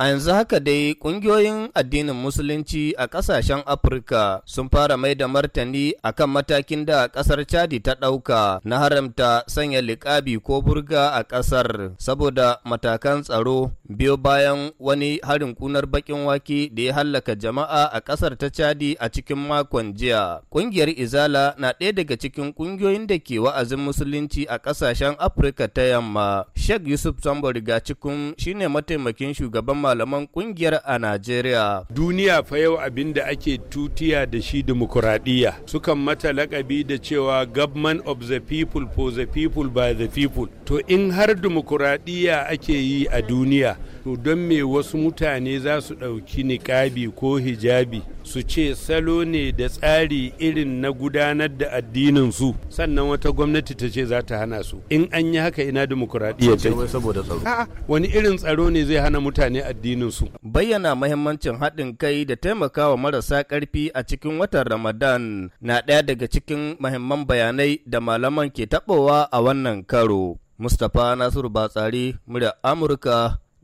A yanzu haka dai ƙungiyoyin addinin Musulunci a ƙasashen Afirka sun fara mai da martani a kan matakin da ƙasar Chadi ta ɗauka na haramta sanya liƙabi ko burga a ƙasar saboda matakan tsaro biyo bayan wani harin ƙunar baƙin wake da ya hallaka jama'a a ƙasar ta Chadi a cikin makon jiya. Ƙungiyar Izala na ɗaya daga cikin ƙungiyoyin da ke wa'azin Musulunci a ƙasashen Afirka ta yamma. Sheikh Yusuf Sambo cikin shine mataimakin shugaban malaman kungiyar a Najeriya. Duniya fa yau abin da ake tutiya da shi demokuraɗiyya sukan mata lakabi da cewa government of the people for the people by the people. To in har demokuraɗiyya ake yi a duniya to don me wasu mutane za su ɗauki niƙabi ko hijabi su ce salo ne da tsari irin na gudanar da addinin su sannan wata gwamnati ta ce za ta hana su in an yi haka ina dimokuraɗiyya ta saboda tsaro wani irin tsaro ne zai hana mutane addininsu. bayyana mahimmancin haɗin kai da taimakawa marasa ƙarfi a cikin watan ramadan na ɗaya daga cikin mahimman bayanai da malaman ke taɓowa a wannan karo mustapha nasiru batsari murya amurka